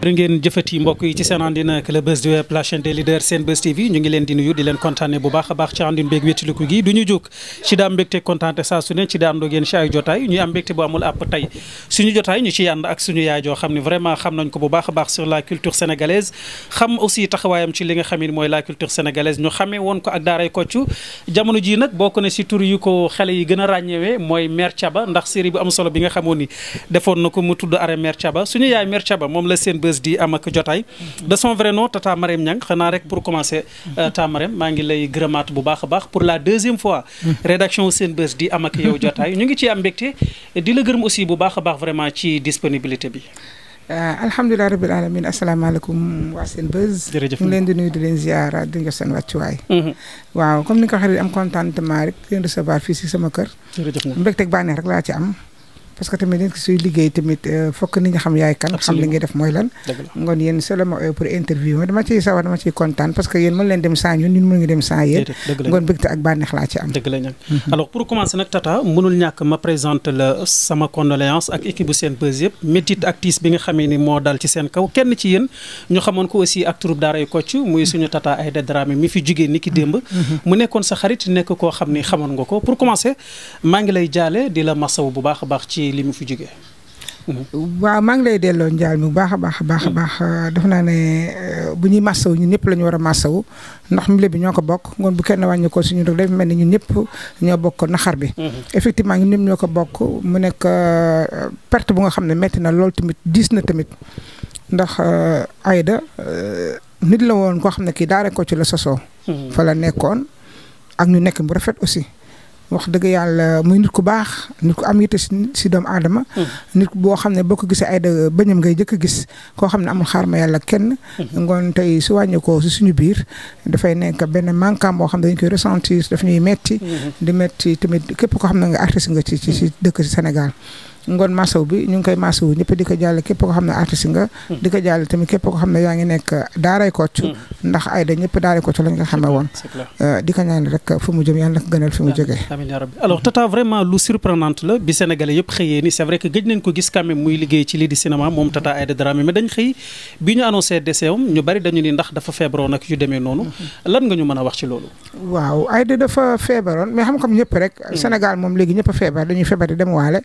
jërë ngeen jëfati mbokk yi ci seen àndina ak le buzz du web la chaîne des leaders Senbuzz TV ñu ngi leen di nuyu di leen kontaane bu baax a baax ci àndin beeg wéttiliku gi du ñu jóg ci daa mbégte kontaante saa su ne ci daa am ngeen ci ay jotaay ñuy am mbégte bu amul àpp tey suñu jotaay ñu ciy ànd ak suñu yaay joo xam ne vraiment xam nañ ko bu baax a baax sur la culture sénégalaise xam aussi taxawaayam ci li nga xam ne mooy la culture sénégalaise ñu xamee woon ko ko xale yi a ràññewee mooy bi nga xamoon na ko mu tudd Buzz di am ak jotaay de son vrai nom Tata Marème Niang xanaa rek pour commencer euh, Tata Marème maa ngi lay gërëmaat bu baax a baax pour la deuxième fois rédaction seen Buzz di am ak yow jotaay ñu ngi ci am mbégte di la gërëm aussi bu baax a baax vraiment ci disponibilité bi euh, alhamdulilah rabbil alamin asalaamaaleykum waa seen buzz jërëjëf ngi leen di nuyu di leen ziara di nga seen wàccuwaay mm-hmm. waaw comme ni nga ko am contentement rek leen recevoir fii si sama kër mbégteeg bànneex rek laa ci am parce que tamit euh, nit ñi xam yaay kan xam li ngay def mooy lan ngoon yéen solo ma pour interview ma dama ciy sawar dama ciy kontaan parce que yéen mën leen dem bi nga xamee moo dal ci seen kaw kenn ci yéen ñu xamoon ko aussi ak troupe daaray Kocc muy suñu Tata Aïda Dramé mi fi jugee ni ki démb mhm. mu nekkoon sa xarit nekk koo xam ni xamoon nga ko pour commencer maa ngi lay jaale di la masaw bu baax a baax ci ci li mu fi jógee. waaw maa ngi lay delloo njaal mi bu baax a baax a baax a baax def naa ne euh, bu ñuy massaw ñun ñëpp la ñu war a wu ndax mi bi ñoo ko bokk ngoon bu kenn wàññi ko suñu dog mel ni ñun ñëpp ñoo bokk naxar bi mhm. effectivement ñun ñoo ko bokk mu nekk euh, perte bu nga xam ne metti na lool tamit diis na tamit ndax euh, Aida nit la koo xam ne kii daara ko ci la sosoo mhm. fa la nekkoon ak ñu nekk bu rafet aussi wax dëgg yàlla muy nit ku baax nit ko am yitte si doomu aadama. Hmm. nit boo xam ne boo ko gisee ay da bañam ngay jëkk gis koo xam ne amul xaar ma yàlla kenn. Hmm. ngoon tey su wàññeekoo si suñu biir dafay nekk beneen manquant boo xam ne dañ koy ressentir daf ñuy metti hmm. di metti tamit képp koo xam ne nga artiste nga ci ci dëkk Sénégal. ngoon masaw bi ñu ngi koy masawu ñëpp di jàll képp ko xam ne artiste nga hmm. di jàll tamit képp ko xam ne yaa ngi nekk daaray Kocc hmm. ndax Aida ñëpp daaray Kocc lañ ko gis quand muy liggéey ci lii di cinéma moom Tata Aida Dramé mais dañ xëy bi ñu annoncé décès am ñu bari dañu ni ndax dafa feebaroon ak hmm. a xam-xam ñëpp rek Sénégal moom léegi ñëpp a feebar dañuy feebar di dem waale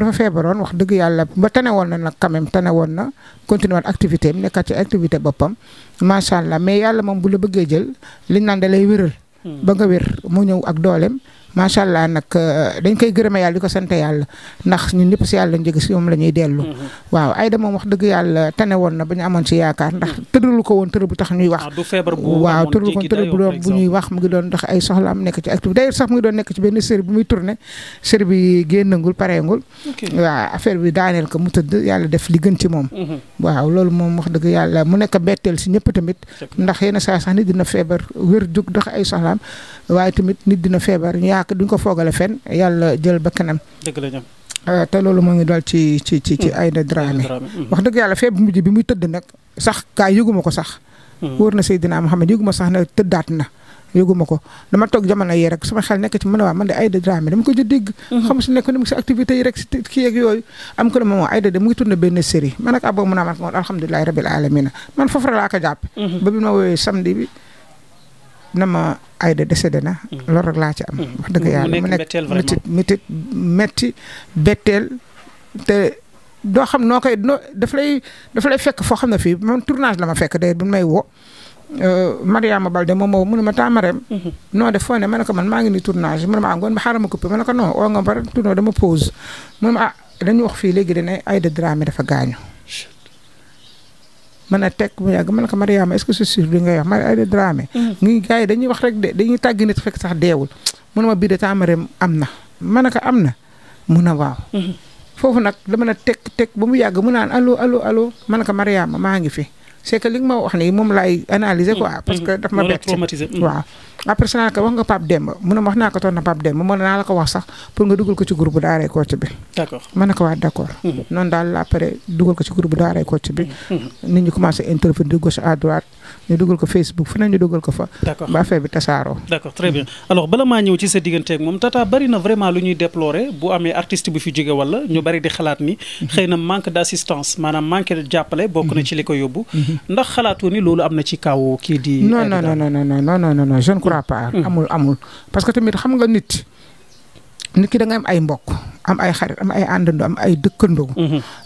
moom dafa feebaroon wax dëgg yàlla ba tane woon na nag quand même tane woon na continuer woon activité am ci activité boppam macha allah mais yàlla moom bu la bëggee jël liñ naan da lay wéral hmm. ba nga wér mu ñëw ak dooleem macha allah nag euh, dañ koy gërëme yàlla di ko sant yàlla ndax ñun ñëpp si yàlla njëg si moom la ñuy dellu. Mm-hmm. waaw Aïda moom wax dëgg yàlla tane woon na ba ñu amoon si yaakaar ndax mm-hmm. tëralu ko woon tër bu tax ñuy ah, wax. mu ngi doon dox ay soxlaam nekk ci activité d'ailleurs sax mu ngi doon nekk ci benn série bu muy tourné série bi bi daaneel ko mu tëdd yàlla def li gën ci moom. Mm-hmm. waaw loolu moom wax dëgg yàlla mu nekk si ñëpp tamit ndax yenn saa sax nit dina feebar wér jug dox ay soxlaam waaye tamit nit dina feebar yaak duñ ko foogale fenn yàlla jël bakkanam dëgg la euh, te loolu moo ngi dal ci ci ci ci hmm. Aïda Dramé hmm. wax dëgg yàlla feeb mujj bi muy tëdd nag sax kaa yëguma ko sax hmm. wóor na Seydina Mohamed yëguma sax na tëddaat na yëguma ko dama toog jamono yi rek sama xel nekk ci mën a waa man de Aïda dama ko jë dégg xam si nekk ni mu ngi si activités yi rek si kii yeeg yooyu am ko ne moom Aïda de mu ngi tourné benn série man ak abo mun naa man ko moon alhamdulilahi rabil alamina man foofu laa ko jàpp ba na ma Aida décédé na. Mm. loolu rek laa ci am. Mm. wax dëgg yàlla mu nekk métit métit métti betteel te doo xam noo koy noo daf lay daf lay fekk foo xam ne fii man tournage la ma fekk day bu may wo euh, Mariama Balde moom moo mënuma taamareem. Mm-hmm. non def foo ne ma ne ko man maa ngi ni tournage mënuma ah ngoon ma xaaral ma coupé ma ne ko non oo nga ba pare tournoo dama pause mënuma ah dañu wax fii léegi dina Aida Dramé dafa gaañu. mën a teg mu yàgg mën ko Mariama est-ce que c'est sûr li ngay mm-hmm. ngi gars dañuy wax rek de dañuy tàgg nit fekk sax deewul mu ne ma bii de taamare am na ma ne am na mun a waaw mm-hmm. foofu nag dama na teg teg ba mu yàgg mu naan allo allo allo ma ne ko Mariama maa ngi fi c' est que li nga ma wax nii moom laay analyser quoi. Mm. parce que daf ma mm. bett mm. waaw. après si naan ko wax nga Pape Demba mu ne wax naa ko toog na Pape Demba mën naa la ko wax sax nga dugal ko ci groupe daaray d' accord mën na ko waat d' ci bi. nit ñi commencé intervenir de gauche à ñu dugal ko Facebook fu ne ñu dugal ko fa. d'accord ba affaire bi tasaaroo. d'accord très bien alors bala maa ñëw ci sa digganteeg moom Tata bari na vraiment lu ñuy déplorer bu amee artiste bu fi jóge wala ñu bari di xalaat ni. xëy na manque d'assistance maanaam manque de jàppale bokk na ci li ko yóbbu. Mhm. Mhm. ndax xalaatoo ni loolu am na ci kaw kii di. non non non non non non non non je ne mhm. crois pas. amul amul parce que tamit xam nga nit. nit ki da nga am ay mbokk am ay xarit am ay àndandoo am ay dëkkandoo.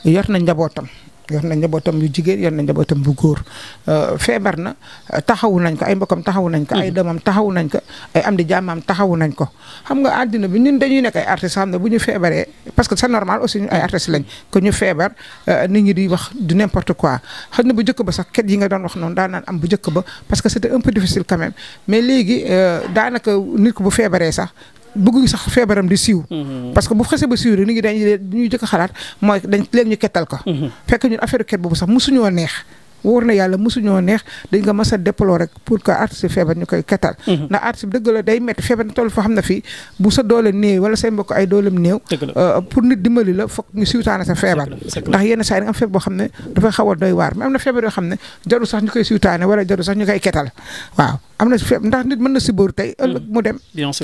yor na njabootam. yor na tam yu jigéen yor na tam bu góor euh, feebar na taxawu nañ ko ay mbokkam taxawu nañ ko ay mm-hmm. doomam taxawu nañ ko ay am di jàmmam taxawu nañ ko xam nga àddina bi ñun dañuy nekk ay artistes xam ne bu ñu feebaree parce que sa normal aussi ñu ay artistes lañ que ñu feebar euh, ni ñi di wax du n'importe quoi xam na bu njëkk ba sax ket yi nga doon wax noonu daan naan am bu njëkk ba parce que c'était un peu difficile quand même mais léegi euh, daanaka nit ko bu feebaree sax bëgguñ sax feebaram di siiw. Mm-hmm. parce que bu xasee ba siiw rek nit ñi dañuy dañuy jëkk xalaat mooy dañ leen ñu kettal ko. Mm-hmm. fekk ñun affaire ket boobu sax mosuñoo neex. wóor na yàlla mosuñoo neex dañ nga mas a déploré rek pour que artiste feebar ñu koy katal mhm. ndax artiste bi dëgg la day métti feebar toll foo xam ne fii bu sa doole euh, pour nit dimbali la foog ñu siwtaane sa feebar ndax yenn saa yi nga am feebar boo xam ne dafay xaw a doy waar mais am na feebar yoo xam ne jarul sax ñu koy siwtaane wala jarul sax ñu koy ketal waaw am na feebar ndax nit mën na sibóoru tey ëllëg mhm. mu dem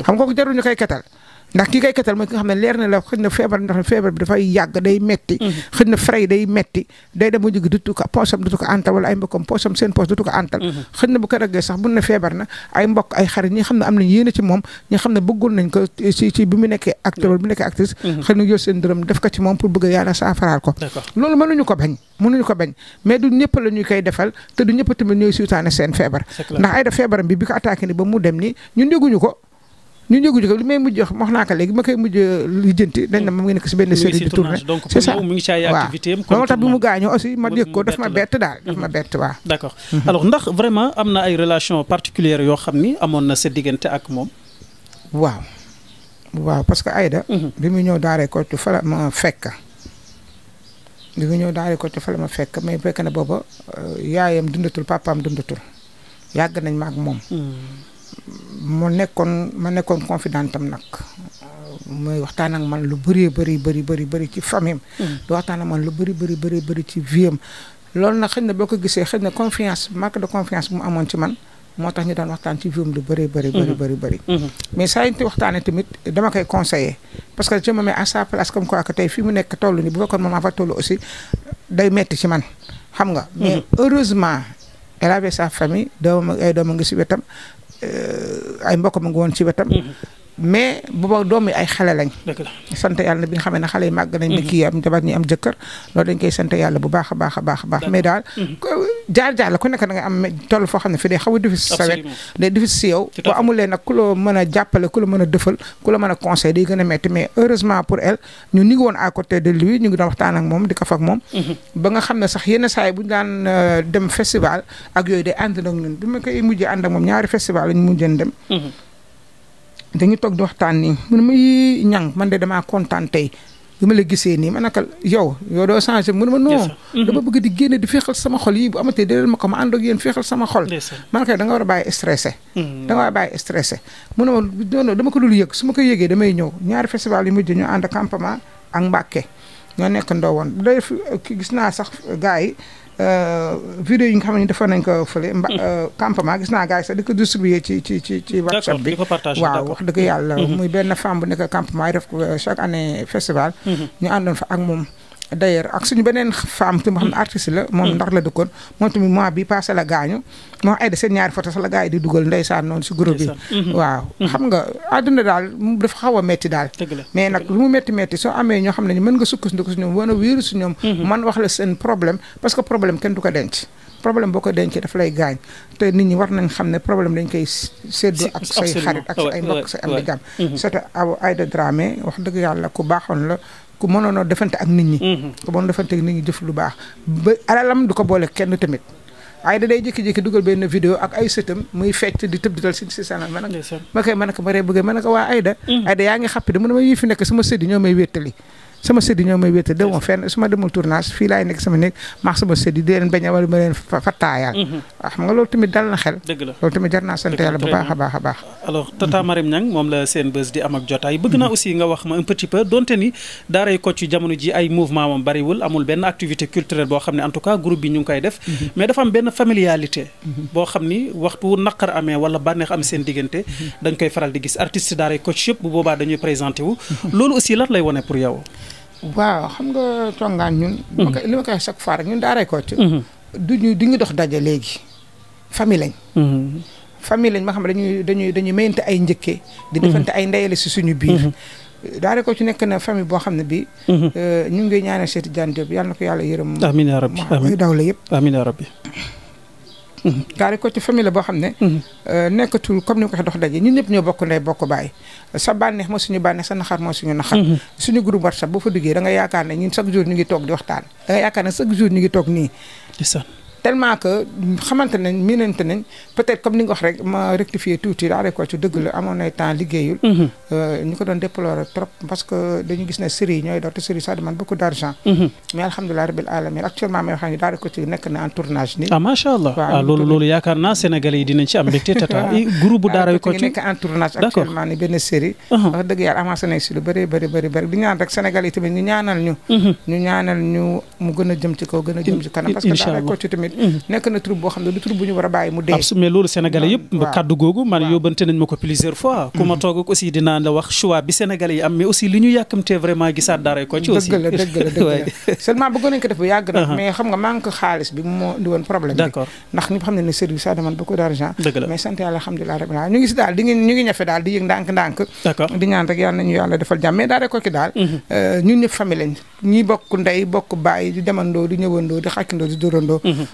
xam nga ko jarul ñu koy ketal ndax ki koy ketal mooy ki nga xam ne leer na la xëj na feebar ndax feebar bi dafay yàgg day metti mm-hmm. xëj na frais day metti day dem ba jóg dutu ko poosam dutu ko antal wala ay mbokkam poosam seen poos dutu ko antal mm-hmm. xëj na bu ko raggee sax mun na feebar na ay mbokk ay xarit ñi xam ne am nañ yéene ci moom ñi xam ne bëggul nañ ko ci ci bi mu nekkee acteur bi mu nekkee actrice mm-hmm. xëy na yor seen dërëm def ko ci moom pour bëgg yàlla saafaraal ko loolu mënuñu ko bañ mënuñu ko bañ mais du ñëpp la ñu koy defal te du ñëpp tamit ñooy suutaane seen feebar ndax ay da feebaram bi bi ko attaqué ni ba mu dem ni ñun yëguñu ko ñu jógu jóg li may mujj wax wax naa ko léegi ma koy mujj euh, lijjanti dañ na moom ngi nekk si benn série di tournée c'est ça waaw loolu tax bi mu gaañoo aussi ma yëg ko daf ma bett daal daf ma mhm. bett waaw mhm. alors ndax vraiment am na ay relation particulière yoo xam ni amoon na sa diggante ak moom waaw parce que ayda mhm. bi mu ñëw daaree ko ci fa la ma fekk bi mu ñëw daaree ko ci fa la ma fekk mais fekk na booba euh, yaayam dundatul papaam dundatul yàgg nañ ma moom mu nekkoon ma nekkoon confidentam nag muy mm. waxtaan ak man lu bëri bëri bëri bëri bëri ci famille am di waxtaan man lu bëri bëri bëri bëri ci vie loolu nag xëy na boo ko gisee xëy na confiance manque de confiance mu amoon ci man moo tax ñu daan waxtaan ci vie lu bëri bëri mm-hmm. bëri bëri bëri mm-hmm. mais saa yi ñu waxtaanee tamit dama koy conseiller parce que je me mets sa place comme quoi que tey fii mu nekk toll ni bu fekkoon moom fa toll aussi day metti ci man xam nga mais mm-hmm. heureusement elle sa famille doomam ak si wetam ay mbokk ma ngi woon ci wetam. Mm-hmm. mais booba doom yi ay xale lañ sant yàlla bi nga xamee ne xale yi màgg nañ ne mhm. kii am jabar ñi am jëkkër loolu dañ koy sant yàlla bu baax a baax a baax a daal jaar-jaar mhm. la ku nekk da xam ne fi day xaw a difficile sa wet day difficile si yow boo amulee ku la mën a jàppale ku mën a dëfal ku la mën a conseil day gën a metti mais heureusement pour elle ñu ngi woon à de lui ñu ngi doon waxtaan moom di ko fak moom mhm. ba nga xam ne sax yenn saa yi bu ñu daan euh, dem festival ak yooyu day ànd ak ñun bi ma koy mujjee ànd moom ñaari festival lañ mujjeen dem dañu toog di waxtaan nii mun ma yii man de damaa kontaan tey bi ma la gisee nii ma naka yow yow doo changé mun ma non mm-hmm. dama bëgg di génne di féexal sama xol yii bu amatee ma ko ma ànd ak yéen féexal sama da nga war a bàyyi stressé mm-hmm. a bàyyi stressé mun ma non dama ko dul yëg su ma ko yëgee damay ñëw ñaari festival yu mujj ñu ànd campement ak Mbàkke ñoo nekk ndaw woon day gis naa sax gars yi Euh, vidéo yi nga xam ne defoon nañ ko fële. mba hmm. euh, campement gis naa gars yi sax di ko distribuer ci ci ci ci. whatsapp bi waaw wax yalla hmm. muy benn femme bu nekk campement yi def ko euh, chaque festival. Hmm. ñu àndoon fa ak moom. d'ailleurs ak suñu beneen femme tamit xam la. moom hmm. ndax la dëkkoon moom tamit mois bi passé la gaañu. moo ay de seen ñaari photo sax la gars di dugal ndeysaan noonu si groupe hmm. waaw hmm. xam nga àdduna daal dafa xaw metti daal. mais nag lu mu metti metti soo amee ñoo xam ne mën nga sukkandiku si ñoom wala wéeru si ñoom. man wax la seen problème parce que problème kenn du ko denc. problème boo ko dencee daf lay gaañ te nit ñi war nañ xam ne problème dañ koy séddu ak say xarit ak ay yàlla ku baaxoon la. ku mënoon defante ak nit ñi. Mhm. ku mënoon defante ak nit ñi jëf lu baax ba alalam du ko boole kenn tamit. waaye da day jékki-jékki dugal benn vidéo ak ay sëtam muy fecc di tëb di dal si si sana ma nag ma koy ko ma ree bëggee ma ne ko waa Ayda mhm. Ayda yaa ngi xàppi di mu ne ma yii fi nekk may wéttali sama sëddi ñoo may wéete demoo fenn su demul tournage fii laay nekk sama nekk maax sama sëddi di bañ a wala ma mhm. dal na xel loolu tamit jar naa sant yàlla bu baax a baax a baax alors Tata mhm. Marème Niang moom la seen di am ak jotaay bëgg naa mhm. aussi nga wax ma un petit peu donte ni jamono ji ay mouvement moom bariwul amul benn activité culturelle boo xam ne en tout cas groupe bi ñu ngi koy def mais dafa am familialité boo xam ni waxtu naqar amee wala bànneex am seen diggante dañ koy faral di gis artiste daaray Kocc yëpp bu boobaa dañuy présenté wu loolu aussi lan lay wone pour yow waaw xam nga tongaan ñun. Mm-hmm. li ma koy wax chaque fois rek ñun daaray Koty. Mm-hmm. du ñu du ñu dox daje léegi famille lañ. Mm-hmm. famille ma xam ne dañuy dañuy dañuy ay njëkkee. di defante ay ndeyale si suñu biir. daare ko ci nekk na famille boo xam ne bi euh, ñu ngi ñaanal seet Tidiane Diop yàlla na ko yàlla yërëm. amiin yaa rabbi amiin yëpp amiin yaa rabbi gaare ko ci famille boo xam ne mhm. euh, nekkatul comme ni nga ko waxee dox daje ñun ñëpp ñoo bokk ndey bokk bàyyi sa bànneex moo suñu bànneex sa naxar moo suñu naxar mhm. suñu groupe WhatsApp boo fa duggee da nga yaakaar ne ñun chaque jour ñu ngi toog di waxtaan da nga yaakaar ne chaque jour ñu ngi toog nii tellement que xamante nañ miinante nañ ni nga wax ma rectifier tuuti daal ko ci dëgg amoon nay temps liggéeyul. Mhm. Euh, ñu ko doon déplorer trop parce que dañu mhm. ko ci nekk na en ni ah, ah, uh-huh. ñu ñaanal ñu. Mhm. ñu ñaanal ñu mu gën a jëm ci gën a jëm ci parce que daara ko ci tamit rek mhm. nekk na trouble boo xam ne du trouble bu a bàyyi mu dee mais loolu sénégalais yëpp kaddu googu man yóbbante nañ ma plusieurs fois mhm. ku ma toog aussi dinaa la wax choix bi sénégalais yi am mais aussi li ñu yàkkamtee ko ci aussi dëgg la dëgg la dëgg la seulement bëggoon nañ ko def bu yàgg nag uh-huh. mais xam nga manque xaalis bi moo di woon problème bi d'accord d' argent mais sant daal di ñu ngi ñafe di yëg ndànk ndànk di daal mhm. euh, di demandoo di ñëwandoo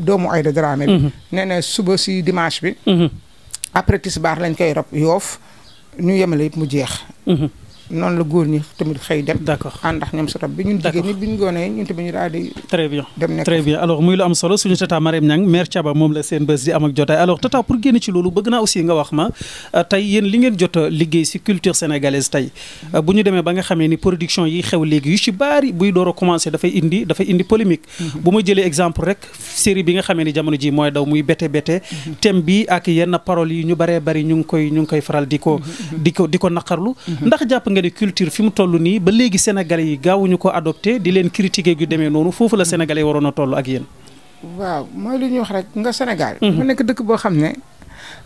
doomu Aïda Dramé bi mhm. nee na suba si dimanche bi mhm. après tisbaar lañ koy rob yoof ñu yemale yëpp mu jeex mhm. noonu la góor ñi tamit xëy dem. d'accord ànd ak ñoom sa tab bi ñun jigéen ñi bi nekk très muy lu am solo suñu tata Marème Niang maire Thiaba moom la seen bés di am ak jotaay tata pour génn ci loolu bëgg naa aussi nga wax ma euh, tey yéen li ngeen jot liggéey si culture sénégalaise tey euh, bu ñu demee ba nga xamee ni production yi xew léegi yu ci baari buy door a commencé dafay indi dafay indi polémique. Mhm. bu ma jëlee exemple rek série bi nga xamee ni jamono ji mooy daw muy bete bete. Mhm. thème bi ak yenn paroles yi ñu baree bari ñu ngi koy ñu ngi koy faral di ko mhm. di ko di ko naqarlu ndax jàngale culture fi mu toll nii ba léegi sénégalais yi gaawuñu ko adopté di leen critiquer gu demee noonu foofu la sénégalais yi waroon a toll ak yéen. waaw mooy lu ñuy wax rek nga Sénégal. mu mhm. nekk dëkk boo xam ne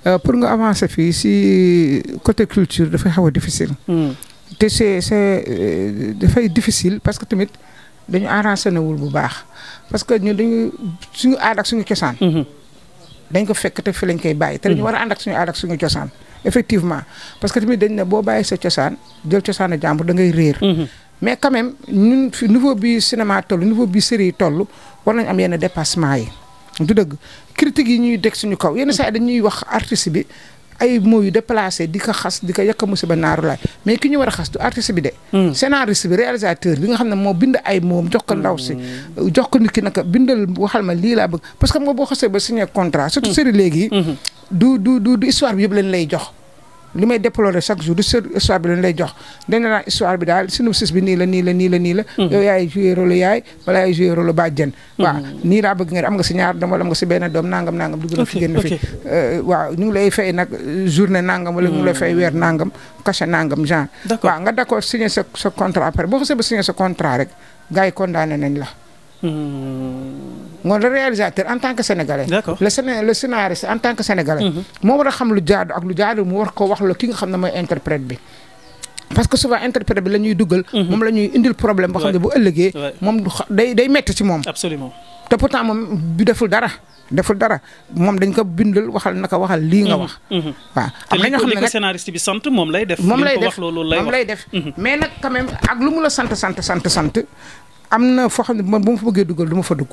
euh, pour nga avancer fii si côté culture dafay xaw a difficile. Mhm. te c'est c'est euh, dafay difficile parce que tamit dañu enraciné wul bu baax parce que ñu dañu suñu aada ak suñu cosaan. Mhm. dañ ko fekk te fi lañ koy bàyyi. te dañu war a ànd suñu aada suñu cosaan. effectivement parce que tamit dañ na boo bàyyi sa cosaan jël cosaanu jàmbur da ngay réer. Mhm. mais quand même ñun fi niveau bi cinéma toll niveau bi série toll war nañ am yenn dépassement yi. du dëgg critique yi ñuy deg suñu kaw yenn sa yi ñuy wax artiste bi. ay mots yu déplacé di ko xas di ko yàq musiba naaru laay mais ki ñu war a xas du artiste bi de. Hmm. scénariste bi réalisateur bi nga xam ne moo bind ay moom jox ko ndaw si. Hmm. jox ki nag bindal waxal ma lii laa bëgg parce que xam nga boo xasee ba signé contrat. surtout hmm. série léegi. du du du histoire bi yëpp leen lay jox. li may déplorer chaque jour du seul histoire bi lañ lay jox la naan histoire bi daal synopsis bi nii la nii la nii la nii la hmm. yow yaay joué rôle yaay wala yaay joué rôle bàjjen hmm. waaw nii laa bëgg nga am nga si ñaar doom wala nga si benn doom nangam nangam dugg na fi génn fi euh, waaw ñu ngi lay fay nag journée nangam wala ñu ngi lay fay weer nangam cachet nangam genre waaw nga d'accord signé sa sa contrat après boo xasee ba signé sa contrat rek gars yi condamné nañ la hmm. moom le réalisateur en tant que sénégalais. le séné le scénariste en tant que sénégalais. Mhm. moo war a xam lu jaadu ak lu jaadu mu war ko wax la ki nga xam ne mooy interprète bi. parce que souvent interprète bi la ñuy duggal. Mhm. moom la ñuy indil problème boo xam ne bu ëllëgee. moom day day métti ci moom. absolument te pourtant moom bi deful dara. deful dara moom dañ ko bindal waxal naka waxal lii nga mhm. wax. waaw am na ñoo xam ne nag scénariste bi sant moom lay def. moom lay def moom lay def. mais nag quand ak lu mu la sant sant sant sant am na foo xam ne man bu ma fa bëggee dugal du ma fa dugg.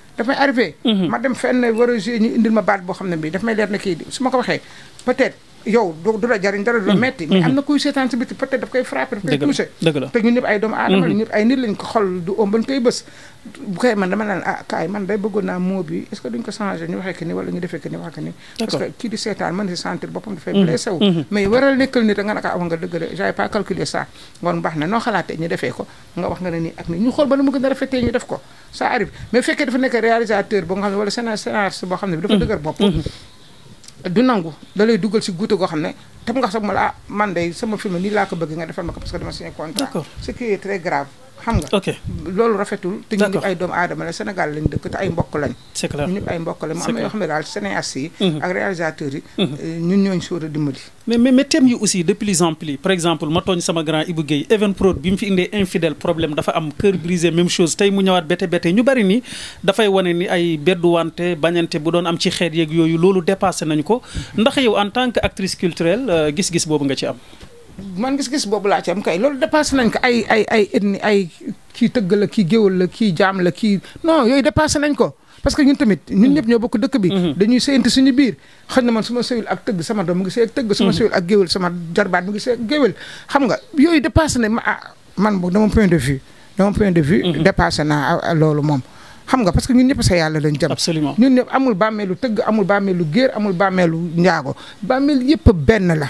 daf may arrivé. Mhm. ma dem fenn war a joué ñu indil ma baat boo xam ne bi daf may leer na kii su ma ko waxee peut-être yow du la jariñ dara du la mhm. metti mhm. mais am na kuy seetaan si biti peut-être daf koy frappé daf koy touché te ñun ñu defee a nga naka awa ah, nga dëgg de xalaatee ñu defee ko nga wax nga ne nii ñu xool ba na mu gën a rafetee ñu def ko ça arrive mais fekkee dafa nekk réalisateur boo nga xam ne wala scénariste boo xam ne bi dafa mm-hmm. dëgër bopp mm-hmm. du nangu da lay dugal si guute goo xam ne tam nga sax ma ah man day sama film nii laa ko bëgg nga defal ma ko parce que dama signé contrat ce qui est très grave xam nga. ok loolu rafetul. te ñu ñëpp ay doomu aadama la Sénégal lañ dëkk te ay mbokk lañ. c'est clair ñu ñëpp ay mbokk lañ. am yoo xam ne daal cinéastes yi. Mhm. ak réalisateurs yi. Mhm. Euh, ñun ñooñu sóor a dimbali. mais mais mais thèmes yi aussi de plus en plus par exemple ma tooñ sama grand Ibou Guèye Even Prod bi mu fi indee infidèle problème dafa am cœur brisé même chose tey mu ñëwaat bette bete ñu bari nii dafay wane ni ay bedduwante bañante bu doon am ci xeet yeeg yooyu loolu dépassé nañu ko mhm. ndax yow en tant que actrice culturelle euh, gis-gis boobu nga ci am man gis-gis boobu laa ci am kay loolu dépassé nañ ko ay ay ay ethnie ay kii tëgg la kii géwal la kii jaam la kii non yooyu dépassé nañ ko parce que ñun tamit ñun ñëpp ñoo bokk dëkk bi mm-hmm. dañuy séyante suñu biir xëy na man su ma ak sama doom mu ngi tëgg su ma mm-hmm. ak géwal sama jarbaat mu ngi sëy ak xam nga yooyu dépassé na ma ah, man boog dama point de vue dama point de vue mm-hmm. dépassé naa ah, ah, loolu moom xam nga parce que ñun ñëpp sa yàlla lañ jëm absolument ñun ñëpp amul bàmmeelu tëgg amul bàmmeelu géer amul bàmmeelu njaago bàmmeel yëpp benn la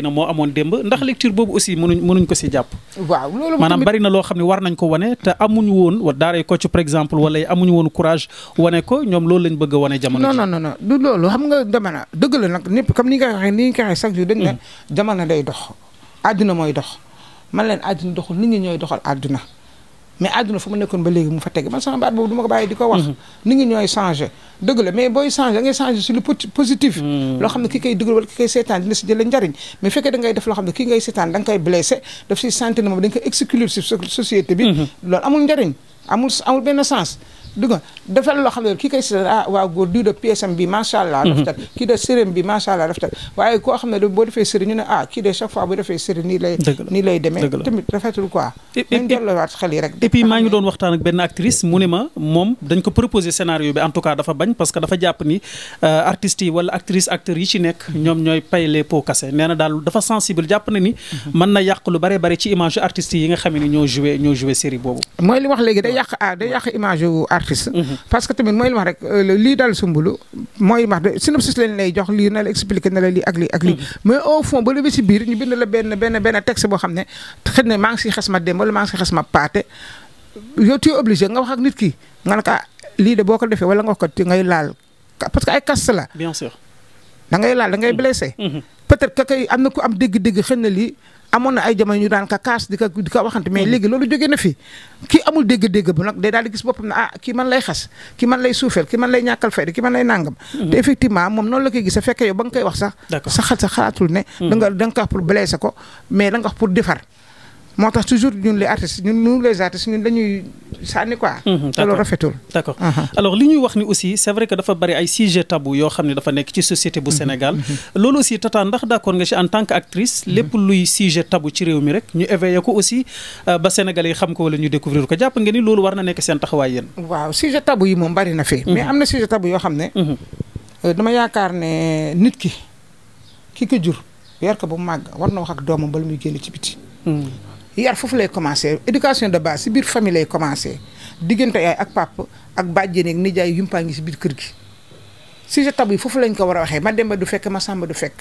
xëy na moo amoon démb ndax lecture boobu aussi mënuñ mënuñ ko si jàpp. waaw loolu maanaam bari na loo xam ne war nañ ko wane te amuñu woon wa daaray Kocc par exemple wala amuñu woon courage wane ko ñoom loolu lañ bëgg a wane jamono. non non non du loolu xam nga jamono dëgg la nag ñëpp ni nga ko waxee ni nga ko waxee chaque jour dañ ne mm. jamono day dox àdduna mooy dox man leen àdduna doxul nit ñi ñooy doxal àdduna mais àdduna fu mu nekkoon ba léegi mu fa teg man sama baat boobu du ma ko bàyyi di ko wax mhm. ni ngi ñooy changé dëgg la mais booy changé da ngay changé sur le positif mhm. loo xam ne ki koy dëggal wala ki seetaan dina si jëlee njariñ mais fekkee da ngay def loo xam ne ki ngay seetaan da nga koy blessé daf si sentir ne moom da nga koy si société bi mhm. loolu amul njariñ amul amul dëgg nga defal loo xam ne kii koy seetaan ah yi rek et puis maa ngi doon waxtaan ak benn actrice dafa bañ parce que dafa jàpp ni euh, artistes yi wala actrice acteurs yi ci nekk ñoom ñooy pay les pots cassés nee na daal dafa sensible jàpp na ni mhm. mën na yàq lu bare bare ci image artistes yi nga xam ne ñoo joué ñoo joué série boobu artiste mhm. parce que tamit mooy li wax rek euh, lii daal sumbulu mooy wax de synopsis lañ lay jox lii na la expliqué na la lii ak lii ak lii mhm. mais au fond ba lebe si biir ñu bind la benn benn benn boo xam ne xëy na maa si xas ma dem wala maa ngi si xas ma paate yow tu es nga wax nit ki nga ne ko ah, lii de boo ko defee wala nga ko ngay laal parce ay caste la bien sûr da ngay laal da ngay mhm. blessé peut-être que kay am na ku am dégg lii amoon na ay jamono ñu daan ka kaas di ka di ka waxante mais léegi loolu jóge na fi kii amul dégg-dégg bu nag day daal di gis boppam na ah kii man lay xas kii man lay suufeel kii man lay ñàkkal fayda kii man lay nàngam mm-hmm. te effectivement moom noonu la koy gis sa fekkee yow ba nga koy wax sa xel sa xalaatul ne mm-hmm. da nga da nga ko wax pour blesser mais da pour defar moo tax toujours ñun les artistes ñun nous les artistes ñun dañuy sànni quoi. alors li ñuy wax ni aussi c' est vrai que dafa bari ay sujet tabou yoo xam ne dafa nekk ci société bu Sénégal. loolu aussi Tata ndax d' accord nga ci en tant que actrice. lépp luy sujet tabou ci réew mi rek ñu éveiller ko aussi euh, ba sénégal yi xam ko wala ñu découvrir ko jàpp nga ni loolu war na nekk seen taxawaay yéen. waaw sujet tabou yi moom bari na fi. mais am na sujet tabou yoo xam ne. Euh, dama yaakaar ne nit ki ki ko ko ba màgg war na wax ak doomam bala muy génn ci biti. yar foofu lay commencé éducation de base si biir famille lay commencé diggante yaay ak papa ak bàjjen ak nijaay yumpaa ngi si biir kër gi si je tab yi foofu lañ ko war a waxee ma dem ba du fekk ma sàmba du fekk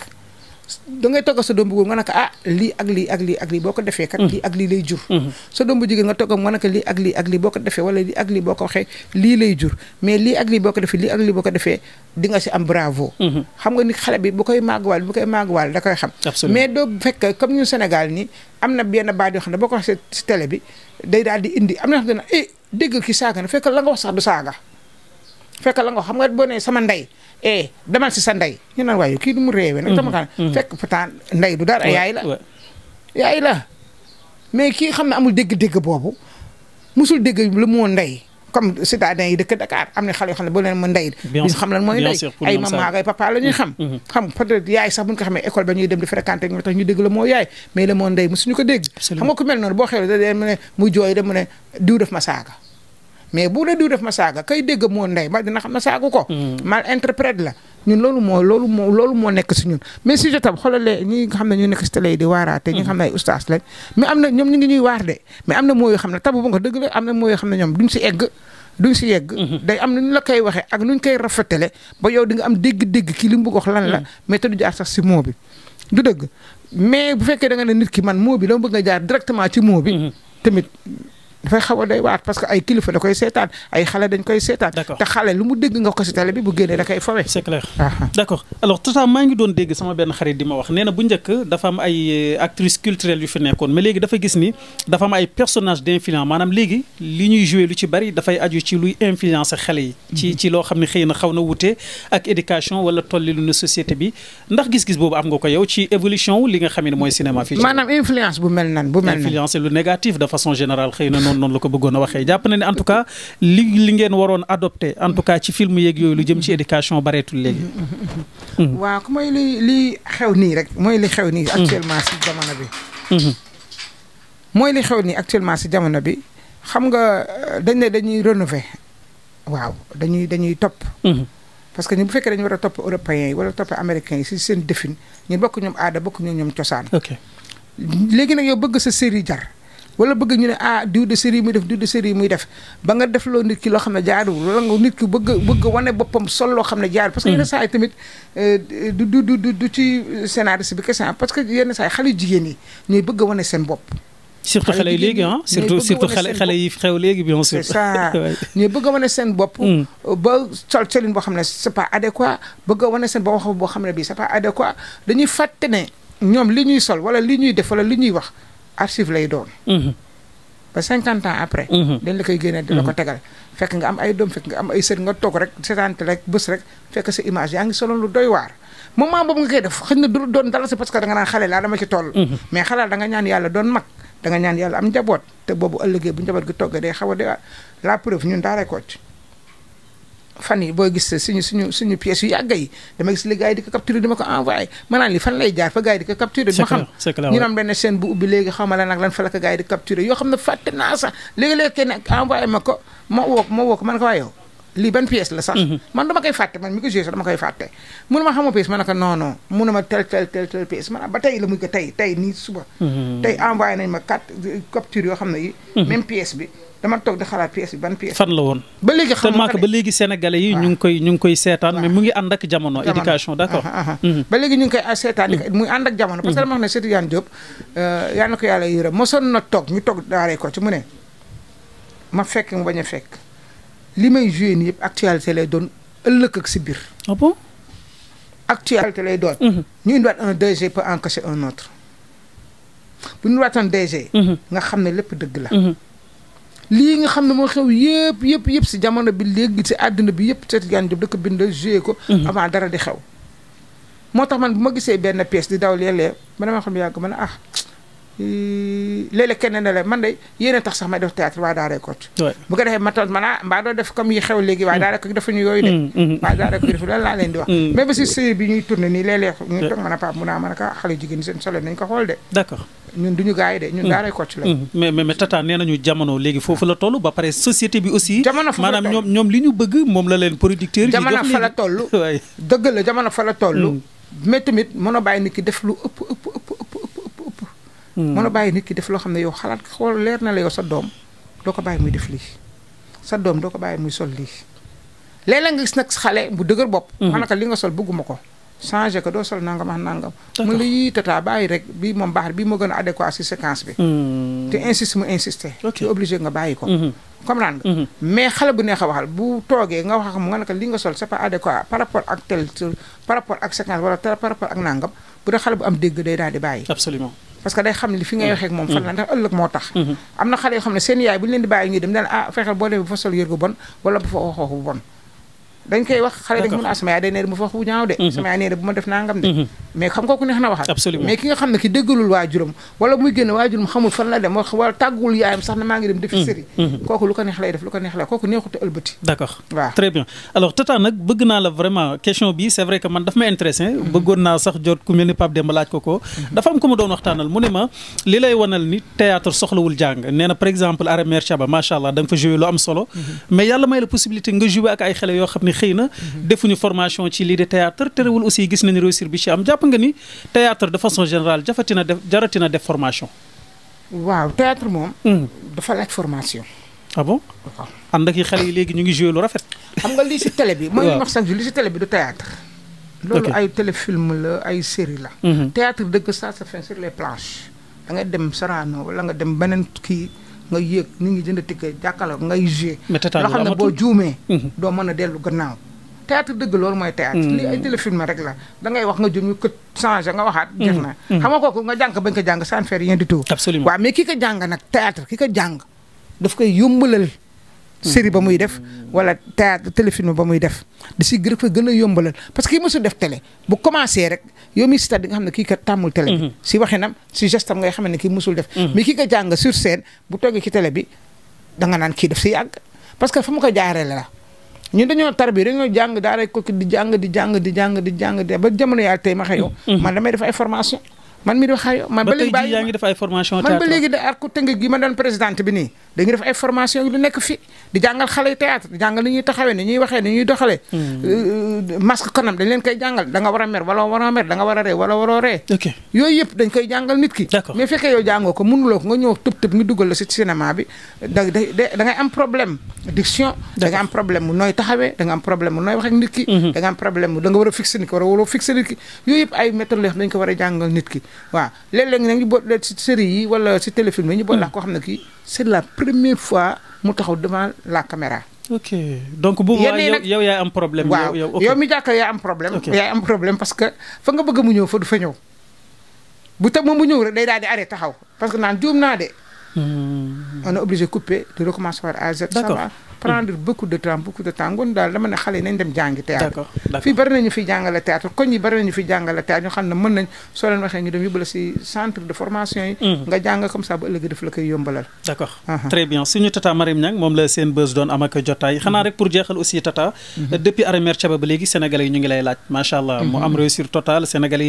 da ngay togg doom bu nga ne ko ah lii ak lii ak lii boo ko defee kat mhm. lii ak lii lay jur mhm. sa doom bu jigéen nga toggam nga ne ko lii ak lii ak lii boo ko defee wala lii ak lii boo ko waxee lii lay jur mais lii ak lii boo ko defee lii ak lii boo ko defee di si am bravo mhm. xam nga ni xale bi bu koy màgguwaal bu da koy xam mais doo fekk comme ñun Sénégal ni am na na xam ne eh dégg wax sax du saaga fekk la wax xam nga boo ne sama ndey eh demal si sa ndey ñu naan waaye kii du mu réewee nag dama kaan mhm, mhm. fekk pourtant ndey du dara yaay la yaay la mais kii xam ne amul dégg-dégg boobu musul dégg lu moo ndey comme citadins yi dëkk Dakar am na xale yoo xam ne boo leen ma ndey duñu xam lan mooy ndey ay maman ak ay papa mhm, di moo yaay mais la ko dégg xam nga ku mel noonu boo xewle da dee mu ne muy jooy da mu ne diw def ma saaga mais bu la de def ma saaga kay dégg moo ndey ba dina xam ne saagu ko. Hmm. mal interprète la ñun loolu moo loolu moo loolu moo nekk si ñun. mais si jotam xoolale ñi nga xam ne ñu nekk si télé yi di waaraate. ñi nga xam ne ay ustaas lañ. mais am na ñoom ñu ngi ñuy waar de mais am na moo yoo xam ne tabu bu nga dëgg am na moo yoo xam ne ñoom hmm. nu ñu la koy waxee ak nu ba yow di nga am dégg-dégg kii li mu bëgg wax lan la. Hmm. mais te du jaar sax si moo du dëgg mais bu fekkee da nga ne nit ki man moo bi dama bëgg nga jaar directement ci moo bi. tamit dafay xaw a doy waar parce que ay kilifa da koy seetaan ay xale dañ koy seetaan. te xale lu mu dégg nga ko si télé bi bu génnee da koy fowe. c'est ah, ah. maa ngi doon dégg sama benn xarit di ma wax nee na bu njëkk dafa am ay euh, actrices culturelles yu fi nekkoon mais léegi dafa gis ni dafa ay personnages d' influence maanaam léegi li ñuy joué lu ci bari dafay aju ci luy influencer xale yi. ci mhm. ci loo xam ne xëy na xaw na wute ak éducation wala tolli lu na société bi ndax gis-gis boobu am nga ko yow ci évolution li nga xam ne mooy cinéma fii. maanaam influence bu mel nan bu mel façon générale xëy na moom noonu la ko bëggoon a waxee jàpp na en tout cas li li ngeen waroon adopté en tout cas ci film yeeg yooyu lu jëm ci éducation bareetul léegi. waaw mooy li li xew nii rek mooy li xew nii. actuellement jamono bi. Mm-hmm. mooy li xew nii actuellement si jamono bi xam nga euh, dañ ne dañuy rénover waaw dañuy dañuy topp. Mm-hmm. parce que ñu bu fekkee dañu war a topp européens yi wala topp américains yi si seen défin ñun bokk ñoom aada bokk ñoom ñoom cosaan. léegi nag yoo bëgg sa série jar. wala bëgg ñu ne ah diw de série muy def diw de série muy def ba nga def loo nit ki loo xam ne jaaduwul wala nga nit ki bëgg bëgg wane boppam sol loo xam ne jaadu parce que mm. yenn saa yi tamit euh, du du du du ci scénariste bi question ah, parce que yenn saa yi xale yu jigéen yi ñooy bëgg wane seen bopp surtout xale yi léegi ah surtout surtout xale xale yi xew léegi bien sûr c'est ça ñu bëgg a wane seen bopp mm. ba sol solin boo xam ne c'est pas adéquat bëgg a wane seen bopp boo xam ne bii c'est pas adéquat dañuy fàtte ne ñoom li ñuy sol wala li ñuy def wala li ñuy wax archive lay doon. Mhm. ba cinquante ans après. Mhm. dañ la koy génne di la ko mhm. tegal. fekk nga am ay doom fekk nga am ay sët nga toog rek seetaan rek bés rek fekk sa image yaa ngi solo lu doy waar. moment boobu nga koy def xëy na du doon dala si parce que da nga naan xale laa dama ci toll. mais xalaat da nga ñaan yàlla doon mag. da nga ñaan yàlla am njaboot te boobu ëllëgee bu njaboot gi toggee day xaw a day la preuve ñun daaray fan yi booy gis suñu suñu suñu pièces yu yàgg yi dama gis li gars di ko capturer di ma ko envoyé ma naan li fan lay jaar fa gars di ko capturer la ko gars yi di capturer ma ko ma ma woo mm-hmm. man ko waa koy fàtte man mi ko joué sax dama koy fàtte mun ma xamoo pièce ma mun na ma tel tel tel tel pièce maanaam ah, ba tey la muy ko tey tey nii suba mm-hmm. tey envoyé nañ ma quatre capture yoo xam ne yi mm-hmm. même pièce bi dama toog di xalaat pièce bi ban pièce. fan la woon ba léegi xam nga ba léegi sénégalais yi ah. ñu ngi koy ñu ngi koy seetaan mais mu ngi ànd ak jamono éducation d'accord ah, ah, mhm. ba léegi ñu ngi koy seetaan mhm. muy ànd ak jamono parce que dama mhm. wax ne Seydou Yane Diop euh, yal na ko yàlla yërëm mosoon na toog ñu toog daaree ko ci mu ne ma fekk mu bañ a fekk li may joué nii yëpp actualité lay doon ëllëg ak si biir ah bon actualité lay doon ñu indiwaat un DG peut encaisser un autre bu ñu indiwaat un DG nga xam ne lépp dëgg la lii nga xam ne moo xew yëpp yëpp yëpp si jamono bi léegi si àddina bi yëpp Cheikh Tidiane Diop da ko bind joué ko. Mhm. avant dara di xew. moo tax man bu ma gisee benn pièce di daw léeg-léeg man damaa xam yàgg man ah léeg-léeg kenn ne la man de yéen a tax sax may def théâtre waa Daaray Kocc bu defee ma man ah mbaa doo def comme yi xew léegi waa mm. Daaray Kocc dafa ñu yooyu de mais mm, mm, ba si sëy bi ñuy tourné nii léeg ñu toog mën a paap mun naa ah, mën a ah, ka xale jigéen seen solo nañ ko xool de d'accord ñun duñu gars yi de ñun Daaray Kocc la mais mais tata nee nañu jamono léegi foofu la toll ba pare société bi aussi maanaam ñoom ñoom li ñu bëgg moom la leen a Mm. mën a bàyyi nit ki def loo xam ne yow xalaat xool leer na la yow sa doom doo ko bàyyi muy def lii sa doom doo ko bàyyi muy sol lii léeg-léeg nga gis nag xale bu dëgër bopp xanaka mm. li nga sol bëgguma ko changé ko doo sol nangam ak nangam mun la yii tata bàyyi rek bii moom baax bii gën a adéquat si séquence bi mm. te insiste mu insister te obligé nga bàyyi ko mm-hmm. comprendre nga mm-hmm. mais xale bu neex a waxal bu toogee nga wax xam li nga sol c'est pas adéquat par rapport ak nangam bu dee bu am dégg day daal di bàyyi absolument parce que day xam li fi ngay mm-hmm. waxee ak moom fan la ndax ëllëg moo tax mm-hmm. am na xale yoo xam ne seen yaay bu leen di bàyyi ñuy dem daan ah fexeel boo demee fa sol yër gu bon wala bu fa waxoo bu bon dañ koy wax xale dañ mën a ah, sama yaay mhm. ma def nangam de mhm. mais xam kooku neex na waxal absolument mais ki nga xam ne ki déggalul waajuram wala muy génn waajuram xamul fan la dem wala tàggul ne maa ngi dafa am ku doon waxtaanal mu ne ma li wanal ni théâtre soxlawul jàng nee na par exemple Ara Mère Chaba macha allah da nga fa joué lu am solo mhm. mais yàlla may la possibilité nga joué ak ay xale yoo xam ne ne xëy na defuñu formation ci lii de théâtre terewul aussi gis nañu réussir bi ci am jàpp nga ni théâtre de façon générale jafatina def jaratina def formation waaw théâtre moom hmm. dafa laaj formation a ah bon waaw ànd ak yi xale yi léegi ñu ngi joué lu rafet xam nga lii si télé bi mooy wax sax lii si télé bi du théâtre loolu ay téléfilm la ay série la hmm. théâtre dëgg ça se fait sur les planches da dem Sorano wala nga dem beneen kii nga yéeg ni ngi jënd ticket jàkkaarloo ngay joué. loo boo ne boo juumee. Mhm. doo mën a dellu gannaaw. théâtre dëgg loolu mooy théâtre mhm. lii ay téléfilm rek la da ngay wax nga jëm ñu kët changé nga waxaat jeex mhm. na xam ko kooku nga jàng bañ ko jàng sans faire rien du tout absolument waaw mais ki ko jàng nag théâtre ki ko jàng daf série ba muy def wala théâtre téléfilm ba muy def da si gërëm fa gën a yombalal parce que kii mësul def tele bu commencé rek yow mi si tax di nga xam ne kii kat tàmmul télé bi mhm. si waxinam si gestam ngay xam ne kii mësul def mhm. mais kii ko jàng sur scène bu toggee ci télé bi da nga naan kii def si yàgg parce que fa mu ko jaaree la ñun dañoo tar bi dañoo jàng daara ko di jàng di jàng di jàng di jàng ba jamono yàlla tey ma xëy yow mhm. man damay def ay formation man mi di wax yow man ba léegi bàyyi yaa ngi def ay formation man ba léegi de arku tëngëj gi ma doon présidente nekk fii di jàngal xale yi théâtre di jàngal ni ñuy taxawee ni ñuy waxee ni ñuy doxalee hmm. euh, euh, masque leen koy jàngal da war a mer a mer nga war a ree wala waroo koy jàngal nit ki mais fekkee yow jàngoo ko mënuloo ko nga ñëw tëb tëb ñu dugal am problème diction da nga am problème mu nooy taxawee da nga am problème mu nooy wax ak nit ki hmm. war a fixer war a waroo fixer nit ki waaw léeg-léeg nag ñu boot la ci série yi wala ci téléfilm yi ñu boot laa hmm. koo xam na kii c'est la première fois mu taxaw devant la caméra. ok donc bu boobaa yow yow yaa am problème. yow yow yow mi jàkka yaa am problème. yaa am problème parce que fa nga bëgg mu ñëw fa du fa ñëw. bu tam moom bu ñëw rek day daal di arrêté taxaw parce que naan juum naa de. Hmm. on est obligé couper de prendre beaucoup de temps beaucoup de temps ngoon daal dama ne xale yi nañ dem jàngi théâtre fi jàngale théâtre fi jàngale théâtre ñu xam ne mën nañ soo leen waxee ñu dem yóbbu la centre de formation yi mm. nga jàng comme ça ba ëllëg daf la koy yombalal d' très bien suñu tata Marim Niang moom la seen bës doon am jotaay mm-hmm. xanaa rek pour jeexal aussi tata mm-hmm. depuis Armel Thiaba ba léegi sénégalais yi ñu ngi lay laaj macha allah mu mm-hmm. am réussir total sénégalais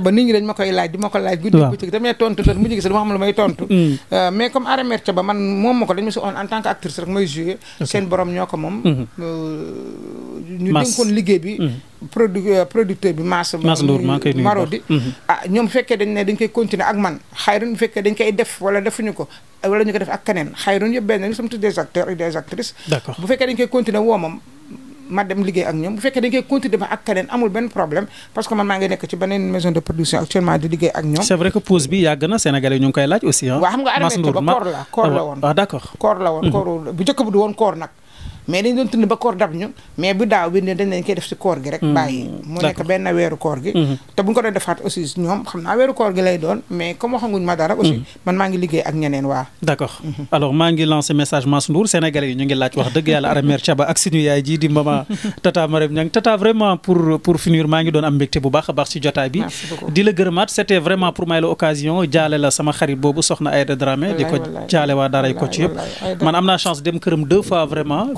ba nit ñi dañ ma koy laaj di ma ko laaj guddi bëccëg damay tontu doon mujj gis dama xam lu may tontu mm. euh, mais comme aramer ca ba ma ko dañ may joué seen ñoo ko moom mm-hmm. euh, ñu dénkoon liggéey bi mm-hmm. produ euh, producteur bi Mass Marodi mm-hmm. ah ñoom fekkee dañ ne dañ koy continuer ak man xayrun fekkee dañ koy def wala defuñu ko wala ñu ko keneen xayrun yëpp benn ñu sommes tous des acteurs et des bu fekkee dañ koy continuer woo moom ma dem liggéey ak ñoom bu fekkee dañ koy continuer ba ak keneen amul benn problème parce que man maa ngi nekk ci beneen maison de production actuellement di liggéey ak ñoom. c'est vrai que pause bi yàgg na Sénégalais ñu ngi koy laaj aussi. ah Mass Ndour waaw xam nga arrêté ba koor la koor la woon. ah d'accord koor la woon mhm. bu njëkk bu du woon koor nag. mais dañ doon tund ba koor dab ñu mais bu daaw bi ne dañ lañ koy def si koor gi rek hmm. bàyyi mu nekk benn weeru koor gi hmm. te buñ ko doon defaat aussi weeru koor gi lay doon mais comme waxanguñ ma hmm. ngi liggéey ak ñeneen waa d'accord alors maa ngi lancé message Mansour Ndour sénégalais yi ñu ngi laaj wax dëgg yàlla arameer Thiaba ak suñu yaay ji di mama tata Marème Niang tata vraiment pour finir maa ngi doon am mbégte bu baax a baax si jotaay di la gërëmaat c'était vraiment pour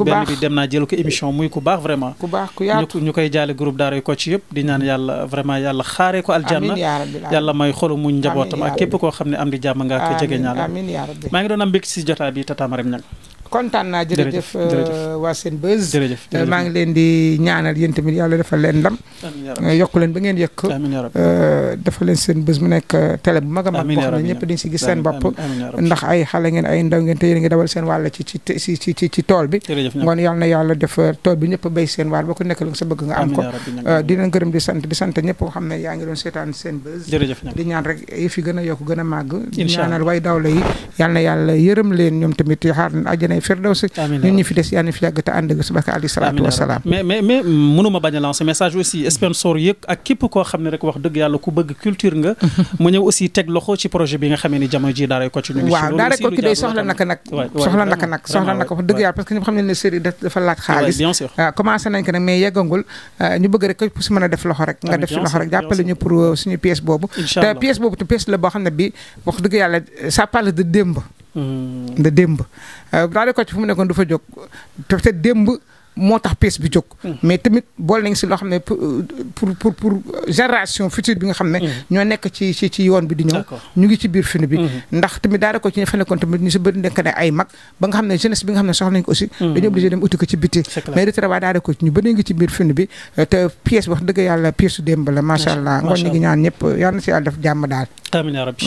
may baax bi dem naa jël ko émission muy ku baax vraiment. ku baax ku yaatu ñu koy jaale groupe Daaray Kocc yëpp di ñaan yàlla vraiment yàlla xaaree ko aljanna yàlla may xolu muñ njabootam ak képp koo xam ne am di jàmm nga ak jege ñaala maa ngi doon am mbégte si jotaay bi Tata Marème Niang kontaan naa jërëjëf euh, waa seen buzz euh, maa ngi leen di ñaanal yéen tamit yàlla defal leen ndam euh, yokku leen ba ngeen yëkk defal leen seen buzz mu nekk télé bu mag a mag boo xam ne ñëpp dañ si gis seen bopp ndax ay xale ngeen ay ndaw ngeen te yéen dawal seen wàll ci ci ci ci ci ci tool bi ngoon yàlla na yàlla def tool bi ñëpp béy waar ba ko nekk la nga bëgg nga am ko di gërëm di sant di sant ñëpp koo xam ne yaa ngi doon seetaan seen buzz di ñaan rek yëf yi gën a yokk gën a màgg ñaanal way dawla yi yàlla na yàlla yërëm leen ñoom tamit xaar na àjjana firdawsi ñun ñi fi des yaa ñu fi yàgg te ànd ak sa barke alayhi salaatu wasalaam mais mais mënuma bañ a lancer message aussi sponsor yëg ak képp koo xam ne rek wax dëgg yàlla ku bëgg culture nga mu ñëw aussi teg loxo ci projet bi nga xamee ni jamono ji daaray Kocc ñu waaw daaray xam ne ne série dafa laaj xaalis bien euh, nañ ko nag mais yeggangul euh, ñu bëgg rek ku si mën a def loxo rek nga def si loxo rek jàppale ñu pour euh, suñu pièce boobu te pièce boobu te pièce la Mm. nda démb euh, daal ko ci fu mu nekkoon du fa jóg te démb moo tax pièce bi jóg. Hmm. mais tamit boole nañ si loo xam ne pour pour pour génération future bi nga xam ne. Hmm. ñoo nekk ci ci yoon bi di ñëw. ñu ngi ci biir film bi. Hmm. ndax tamit daanaka ko ci ñu fa nekkoon ñu ne ay mag ba nga xam ne ngi ci biir film bi te pièce wax dëgg yàlla pièce su démb la macha allah. ngoon ñu ngi ñaan ñëpp yal na si yàlla def jàmm daal. amiin yaa rabbi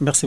merci